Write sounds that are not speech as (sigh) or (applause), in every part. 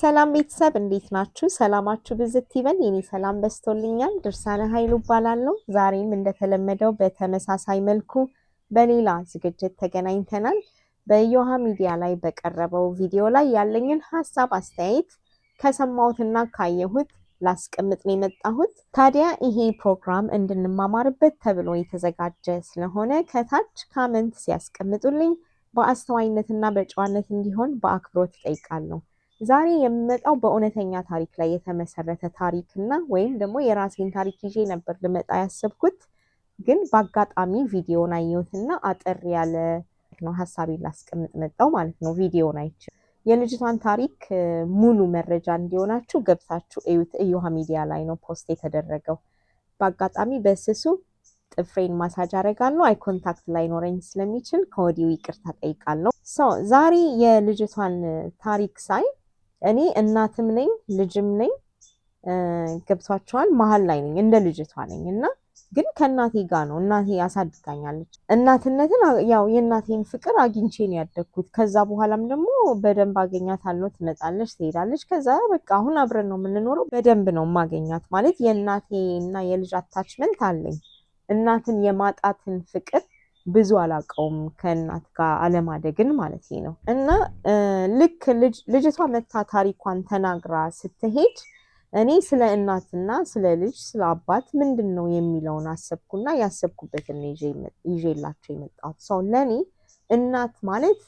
ሰላም ቤተሰብ እንዴት ናችሁ? ሰላማችሁ ብዝት ይበል። የኔ ሰላም በስቶልኛል ድርሳነ ኃይሉ እባላለሁ። ዛሬም እንደተለመደው በተመሳሳይ መልኩ በሌላ ዝግጅት ተገናኝተናል። በዮሃ ሚዲያ ላይ በቀረበው ቪዲዮ ላይ ያለኝን ሀሳብ አስተያየት ከሰማሁትና ካየሁት ላስቀምጥ ነው የመጣሁት። ታዲያ ይሄ ፕሮግራም እንድንማማርበት ተብሎ የተዘጋጀ ስለሆነ ከታች ካመንት ሲያስቀምጡልኝ በአስተዋይነትና በጨዋነት እንዲሆን በአክብሮት እጠይቃለሁ። ዛሬ የምመጣው በእውነተኛ ታሪክ ላይ የተመሰረተ ታሪክ እና ወይም ደግሞ የራሴን ታሪክ ይዤ ነበር ልመጣ ያሰብኩት፣ ግን በአጋጣሚ ቪዲዮን አየሁትና አጠር ያለ ነው ሀሳቤን ላስቀምጥ መጣው ማለት ነው። ቪዲዮን አይቼ የልጅቷን ታሪክ ሙሉ መረጃ እንዲሆናችሁ ገብታችሁ እዩት። እዮሃ ሚዲያ ላይ ነው ፖስት የተደረገው። በአጋጣሚ በስሱ ጥፍሬን ማሳጅ አደርጋለሁ። አይ ኮንታክት ላይኖረኝ ስለሚችል ከወዲሁ ይቅርታ ጠይቃለሁ። ሰው ዛሬ የልጅቷን ታሪክ ሳይ እኔ እናትም ነኝ ልጅም ነኝ ገብቷቸዋል። መሀል ላይ ነኝ እንደ ልጅቷ ነኝ እና ግን ከእናቴ ጋር ነው። እናቴ ያሳድጋኛለች። እናትነትን ያው የእናቴን ፍቅር አግኝቼ ነው ያደግኩት። ከዛ በኋላም ደግሞ በደንብ አገኛታለሁ። ትመጣለች፣ ትሄዳለች። ከዛ በቃ አሁን አብረን ነው የምንኖረው። በደንብ ነው ማገኛት ማለት የእናቴ እና የልጅ አታችመንት አለኝ። እናትን የማጣትን ፍቅር ብዙ አላውቀውም ከእናት ጋር አለማደግን ማለት ነው። እና ልክ ልጅቷ መታ ታሪኳን ተናግራ ስትሄድ እኔ ስለ እናትና ስለ ልጅ ስለ አባት ምንድን ነው የሚለውን አሰብኩና ያሰብኩበትን ይዤላቸው የመጣሁት ሰው ለእኔ እናት ማለት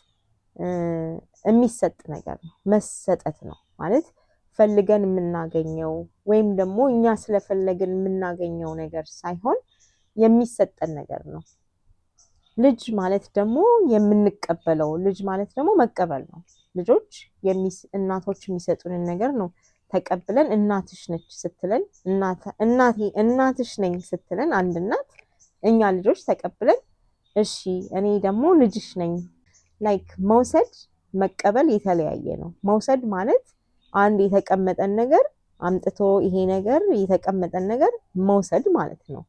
የሚሰጥ ነገር ነው፣ መሰጠት ነው ማለት ፈልገን የምናገኘው ወይም ደግሞ እኛ ስለፈለግን የምናገኘው ነገር ሳይሆን የሚሰጠን ነገር ነው። ልጅ ማለት ደግሞ የምንቀበለው ልጅ ማለት ደግሞ መቀበል ነው። ልጆች እናቶች የሚሰጡንን ነገር ነው ተቀብለን እናትሽ ነች ስትለን እናቴ እናትሽ ነኝ ስትለን አንድ እናት እኛ ልጆች ተቀብለን እሺ እኔ ደግሞ ልጅሽ ነኝ ላይክ መውሰድ መቀበል የተለያየ ነው። መውሰድ ማለት አንድ የተቀመጠን ነገር አምጥቶ ይሄ ነገር የተቀመጠን ነገር መውሰድ ማለት ነው።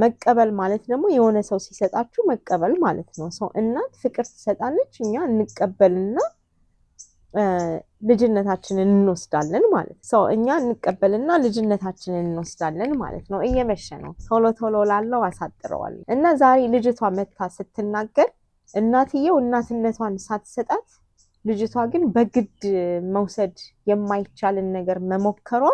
መቀበል ማለት ደግሞ የሆነ ሰው ሲሰጣችሁ መቀበል ማለት ነው። ሰው እናት ፍቅር ትሰጣለች፣ እኛ እንቀበልና ልጅነታችንን እንወስዳለን ማለት ሰው እኛ እንቀበልና ልጅነታችንን እንወስዳለን ማለት ነው። እየመሸ ነው። ቶሎ ቶሎ ላለው አሳጥረዋል እና ዛሬ ልጅቷ መታ ስትናገር እናትየው እናትነቷን ሳትሰጣት ልጅቷ ግን በግድ መውሰድ የማይቻልን ነገር መሞከሯ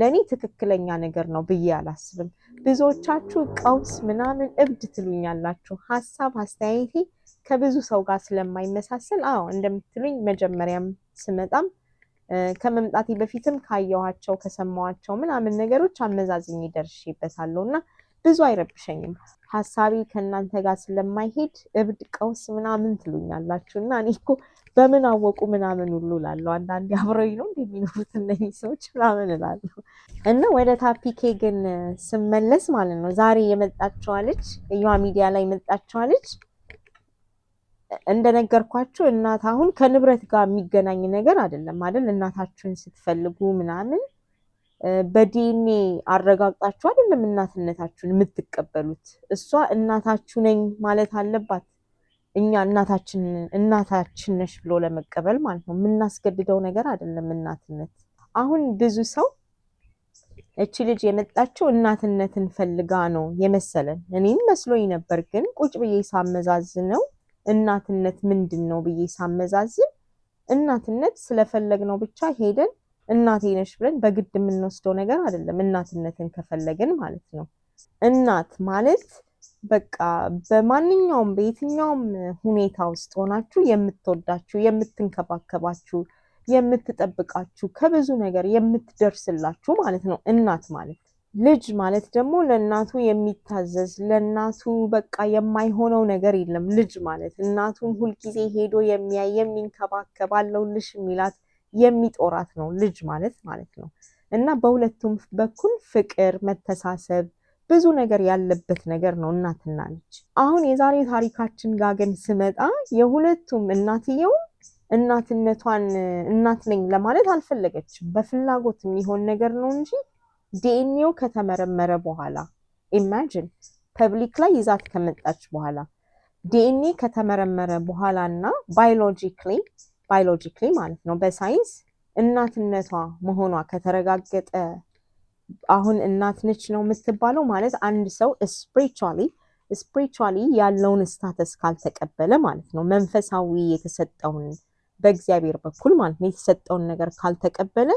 ለእኔ ትክክለኛ ነገር ነው ብዬ አላስብም። ብዙዎቻችሁ ቀውስ ምናምን እብድ ትሉኛላችሁ። ሀሳብ አስተያየቴ ከብዙ ሰው ጋር ስለማይመሳሰል አዎ እንደምትሉኝ መጀመሪያም ስመጣም ከመምጣቴ በፊትም ካየኋቸው ከሰማኋቸው ምናምን ነገሮች አመዛዝኝ ደርሼበታለሁ እና ብዙ አይረብሸኝም። ሀሳቤ ከእናንተ ጋር ስለማይሄድ እብድ ቀውስ ምናምን ትሉኛላችሁ እና እኔ እኮ በምን አወቁ ምናምን ሁሉ ላለው አንዳንዴ አብረው ነው እንደ የሚኖሩት ሰዎች ምናምን ላለው እና ወደ ታፒኬ ግን ስመለስ ማለት ነው ዛሬ የመጣችዋ እዩሃ ሚዲያ ላይ የመጣችዋ እንደነገርኳቸው እንደነገርኳችሁ እናት አሁን ከንብረት ጋር የሚገናኝ ነገር አይደለም አይደል እናታችሁን ስትፈልጉ ምናምን በዲኤንኤ አረጋግጣችሁ አይደለም እናትነታችሁን የምትቀበሉት እሷ እናታችሁ ነኝ ማለት አለባት እኛ እናታችን እናታችን ነሽ ብሎ ለመቀበል ማለት ነው። የምናስገድደው ነገር አይደለም እናትነት። አሁን ብዙ ሰው እቺ ልጅ የመጣችው እናትነትን ፈልጋ ነው የመሰለን። እኔም መስሎኝ ነበር፣ ግን ቁጭ ብዬ ሳመዛዝነው እናትነት ምንድን ነው ብዬ ሳመዛዝን እናትነት ስለፈለግነው ብቻ ሄደን እናቴ ነሽ ብለን በግድ የምንወስደው ነገር አይደለም። እናትነትን ከፈለግን ማለት ነው እናት ማለት በቃ በማንኛውም በየትኛውም ሁኔታ ውስጥ ሆናችሁ የምትወዳችሁ የምትንከባከባችሁ የምትጠብቃችሁ ከብዙ ነገር የምትደርስላችሁ ማለት ነው እናት ማለት። ልጅ ማለት ደግሞ ለእናቱ የሚታዘዝ ለእናቱ በቃ የማይሆነው ነገር የለም። ልጅ ማለት እናቱን ሁልጊዜ ሄዶ የሚያይ የሚንከባከባለው ልሽ የሚላት የሚጦራት ነው ልጅ ማለት ማለት ነው። እና በሁለቱም በኩል ፍቅር፣ መተሳሰብ ብዙ ነገር ያለበት ነገር ነው እናትና ልጅ። አሁን የዛሬ ታሪካችን ጋር ግን ስመጣ የሁለቱም እናትየውም እናትነቷን እናት ነኝ ለማለት አልፈለገችም። በፍላጎት የሚሆን ነገር ነው እንጂ ዲኤንኤው ከተመረመረ በኋላ ኢማጂን ፐብሊክ ላይ ይዛት ከመጣች በኋላ ዲኤንኤ ከተመረመረ በኋላ እና ባዮሎጂክሊ ባዮሎጂክሊ ማለት ነው በሳይንስ እናትነቷ መሆኗ ከተረጋገጠ አሁን እናት ነች ነው የምትባለው ማለት አንድ ሰው ስፕሪቹዋሊ ስፕሪቹዋሊ ያለውን ስታተስ ካልተቀበለ ማለት ነው መንፈሳዊ የተሰጠውን በእግዚአብሔር በኩል ማለት ነው የተሰጠውን ነገር ካልተቀበለ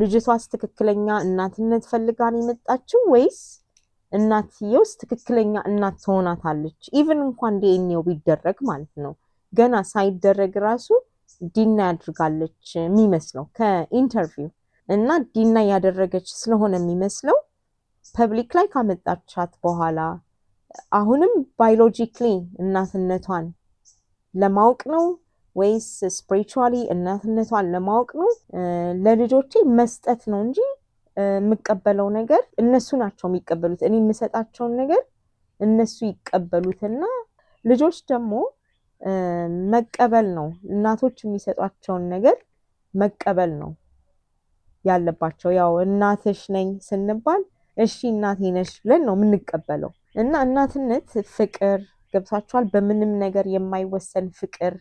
ልጅቷስ ትክክለኛ እናትነት ፈልጋን የመጣችው ወይስ እናትየውስ ትክክለኛ እናት ትሆናታለች? ኢቨን እንኳን ዲኤንኤው ቢደረግ ማለት ነው ገና ሳይደረግ ራሱ ዲና ያድርጋለች የሚመስለው ከኢንተርቪው እና ዲና ያደረገች ስለሆነ የሚመስለው ፐብሊክ ላይ ካመጣቻት በኋላ አሁንም ባዮሎጂክሊ እናትነቷን ለማወቅ ነው ወይስ ስፕሪቹዋሊ እናትነቷን ለማወቅ ነው ለልጆቼ መስጠት ነው እንጂ የምቀበለው ነገር እነሱ ናቸው የሚቀበሉት። እኔ የምሰጣቸውን ነገር እነሱ ይቀበሉትና ልጆች ደግሞ መቀበል ነው እናቶች የሚሰጧቸውን ነገር መቀበል ነው። ያለባቸው። ያው እናትሽ ነኝ ስንባል እሺ እናቴ ነሽ ብለን ነው የምንቀበለው። እና እናትነት ፍቅር ገብታችኋል። በምንም ነገር የማይወሰን ፍቅር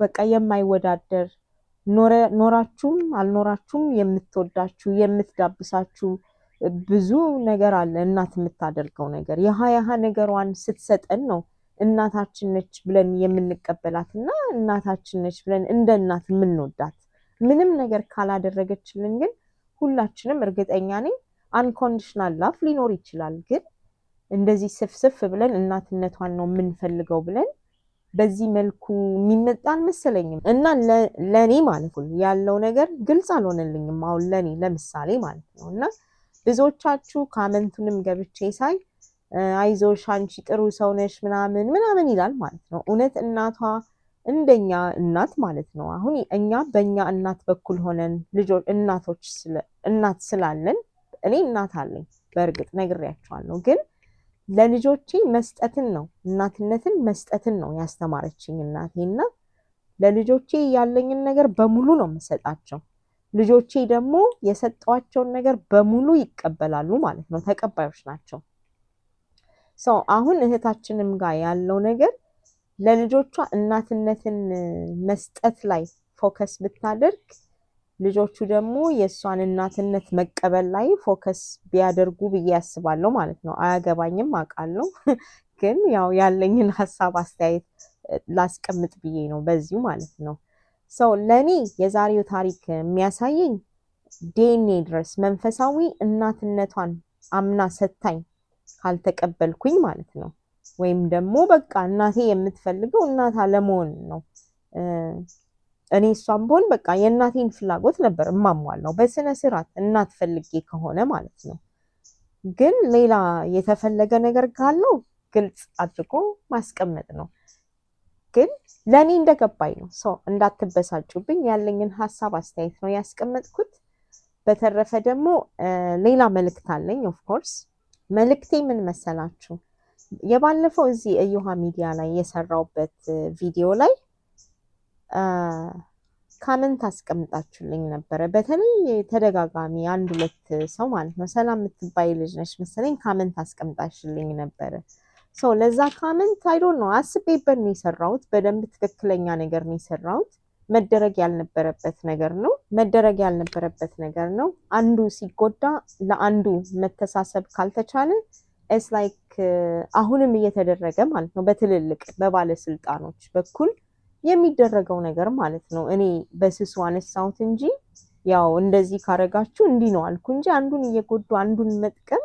በቃ የማይወዳደር ኖራችሁም አልኖራችሁም የምትወዳችሁ የምትዳብሳችሁ ብዙ ነገር አለ። እናት የምታደርገው ነገር የሀ የሀ ነገሯን ስትሰጠን ነው እናታችን ነች ብለን የምንቀበላት እና እናታችን ነች ብለን እንደ እናት የምንወዳት ምንም ነገር ካላደረገችልን ግን ሁላችንም እርግጠኛ ነኝ አንኮንዲሽናል ላፍ ሊኖር ይችላል። ግን እንደዚህ ስፍስፍ ብለን እናትነቷን ነው የምንፈልገው ብለን በዚህ መልኩ የሚመጣ አልመሰለኝም። እና ለእኔ ማለት ነው ያለው ነገር ግልጽ አልሆነልኝም። አሁን ለእኔ ለምሳሌ ማለት ነው እና ብዙዎቻችሁ ከአመንቱንም ገብቼ ሳይ አይዞሽ አንቺ ጥሩ ሰው ነሽ ምናምን ምናምን ይላል ማለት ነው። እውነት እናቷ እንደኛ እናት ማለት ነው። አሁን እኛ በእኛ እናት በኩል ሆነን ልጆች እናቶች እናት ስላለን እኔ እናት አለኝ በእርግጥ ነግሬያቸዋለሁ። ግን ለልጆቼ መስጠትን ነው እናትነትን መስጠትን ነው ያስተማረችኝ እና ለልጆቼ ያለኝን ነገር በሙሉ ነው የምሰጣቸው። ልጆቼ ደግሞ የሰጠዋቸውን ነገር በሙሉ ይቀበላሉ ማለት ነው። ተቀባዮች ናቸው። ሰው አሁን እህታችንም ጋር ያለው ነገር ለልጆቿ እናትነትን መስጠት ላይ ፎከስ ብታደርግ ልጆቹ ደግሞ የእሷን እናትነት መቀበል ላይ ፎከስ ቢያደርጉ ብዬ ያስባለሁ ማለት ነው። አያገባኝም አውቃለሁ፣ (laughs) ግን ያው ያለኝን ሀሳብ አስተያየት ላስቀምጥ ብዬ ነው በዚሁ ማለት ነው። ሰው ለእኔ የዛሬው ታሪክ የሚያሳየኝ ዴኔ ድረስ መንፈሳዊ እናትነቷን አምና ሰታኝ ካልተቀበልኩኝ ማለት ነው ወይም ደግሞ በቃ እናቴ የምትፈልገው እናት አለመሆን ነው። እኔ እሷም ብሆን በቃ የእናቴን ፍላጎት ነበር እማሟላው በስነ ስርዓት እናት ፈልጌ ከሆነ ማለት ነው። ግን ሌላ የተፈለገ ነገር ካለው ግልጽ አድርጎ ማስቀመጥ ነው። ግን ለእኔ እንደገባኝ ነው። ሰው እንዳትበሳጩብኝ ያለኝን ሀሳብ አስተያየት ነው ያስቀመጥኩት። በተረፈ ደግሞ ሌላ መልእክት አለኝ። ኦፍኮርስ መልእክቴ ምን መሰላችሁ? የባለፈው እዚህ እዩሃ ሚዲያ ላይ የሰራውበት ቪዲዮ ላይ ካመንት አስቀምጣችሁልኝ ነበረ። በተለይ ተደጋጋሚ አንድ ሁለት ሰው ማለት ነው ሰላም የምትባይ ልጅ ነች መሰለኝ ካመንት አስቀምጣችሁልኝ ነበረ። ሰው ለዛ ካመንት አይዶ ነው አስቤበት ነው የሰራሁት። በደንብ ትክክለኛ ነገር ነው የሰራሁት። መደረግ ያልነበረበት ነገር ነው መደረግ ያልነበረበት ነገር ነው። አንዱ ሲጎዳ ለአንዱ መተሳሰብ ካልተቻለ ኢትስ ላይክ uh, አሁንም እየተደረገ ማለት ነው በትልልቅ በባለስልጣኖች በኩል የሚደረገው ነገር ማለት ነው። እኔ በስሱ አነሳሁት እንጂ ያው እንደዚህ ካረጋችሁ እንዲህ ነው አልኩ እንጂ አንዱን እየጎዱ አንዱን መጥቀም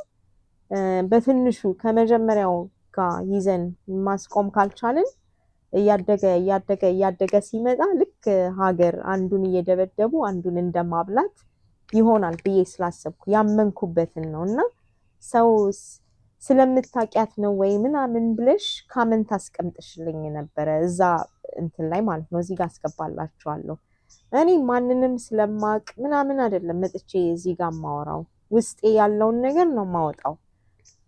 በትንሹ ከመጀመሪያው ጋር ይዘን ማስቆም ካልቻልን እያደገ እያደገ እያደገ ሲመጣ ልክ ሀገር አንዱን እየደበደቡ አንዱን እንደማብላት ይሆናል ብዬ ስላሰብኩ ያመንኩበትን ነው እና ሰው ስለምታውቂያት ነው ወይ ምናምን ብለሽ ካመንት አስቀምጥሽልኝ ነበረ እዛ እንትን ላይ ማለት ነው። እዚህ ጋር አስገባላችኋለሁ። እኔ ማንንም ስለማቅ ምናምን አይደለም መጥቼ እዚህ ጋር ማወራው ውስጤ ያለውን ነገር ነው ማወጣው።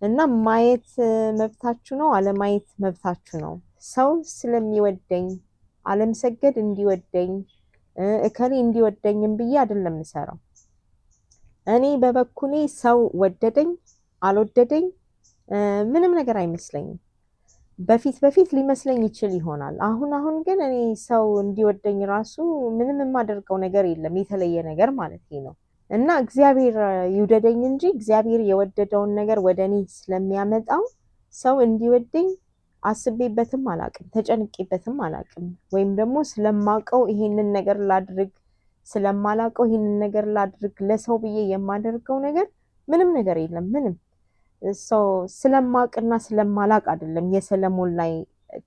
እና ማየት መብታችሁ ነው፣ አለማየት መብታችሁ ነው። ሰው ስለሚወደኝ አለምሰገድ እንዲወደኝ እከሌ እንዲወደኝም ብዬ አይደለም ምሰራው። እኔ በበኩሌ ሰው ወደደኝ አልወደደኝ ምንም ነገር አይመስለኝም። በፊት በፊት ሊመስለኝ ይችል ይሆናል። አሁን አሁን ግን እኔ ሰው እንዲወደኝ ራሱ ምንም የማደርገው ነገር የለም የተለየ ነገር ማለት ነው። እና እግዚአብሔር ይውደደኝ እንጂ እግዚአብሔር የወደደውን ነገር ወደ እኔ ስለሚያመጣው ሰው እንዲወደኝ አስቤበትም አላቅም፣ ተጨንቄበትም አላቅም። ወይም ደግሞ ስለማውቀው ይሄንን ነገር ላድርግ ስለማላውቀው ይሄንን ነገር ላድርግ ለሰው ብዬ የማደርገው ነገር ምንም ነገር የለም ምንም ስለማቅና ስለማላቅ አይደለም የሰለሞን ላይ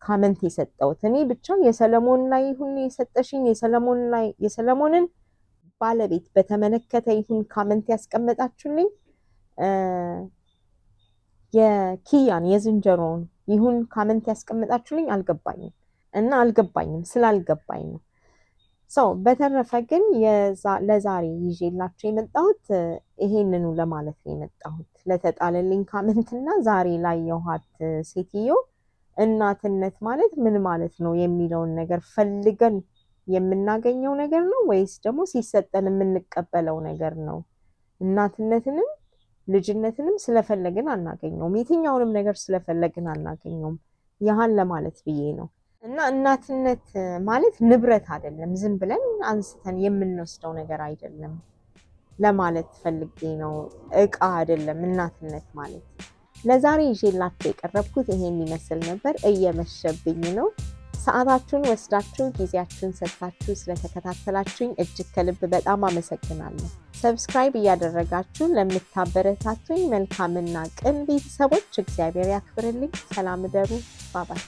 ካመንት የሰጠውት እኔ ብቻ የሰለሞን ላይ ይሁን የሰጠሽኝ የሰለሞን ላይ የሰለሞንን ባለቤት በተመለከተ ይሁን ካመንት ያስቀመጣችሁልኝ የኪያን የዝንጀሮውን ይሁን ካመንት ያስቀመጣችሁልኝ አልገባኝም እና አልገባኝም ስላልገባኝ ነው። ሰው በተረፈ ግን ለዛሬ ይዤላችሁ የመጣሁት ይሄንኑ ለማለት ነው የመጣሁት። ለተጣለልኝ ካመንትና ዛሬ ላይ የውሃት ሴትዮ እናትነት ማለት ምን ማለት ነው የሚለውን ነገር ፈልገን የምናገኘው ነገር ነው ወይስ ደግሞ ሲሰጠን የምንቀበለው ነገር ነው? እናትነትንም ልጅነትንም ስለፈለግን አናገኘውም። የትኛውንም ነገር ስለፈለግን አናገኘውም። ያህን ለማለት ብዬ ነው። እና እናትነት ማለት ንብረት አይደለም፣ ዝም ብለን አንስተን የምንወስደው ነገር አይደለም ለማለት ፈልጌ ነው። እቃ አይደለም እናትነት ማለት። ለዛሬ ይዤላችሁ የቀረብኩት ይሄን ይመስል ነበር። እየመሸብኝ ነው። ሰዓታችሁን ወስዳችሁ ጊዜያችሁን ሰጥታችሁ ስለተከታተላችሁኝ እጅግ ከልብ በጣም አመሰግናለሁ። ሰብስክራይብ እያደረጋችሁ ለምታበረታችሁኝ መልካምና ቅን ቤተሰቦች እግዚአብሔር ያክብርልኝ። ሰላም እደሩ። ባባይ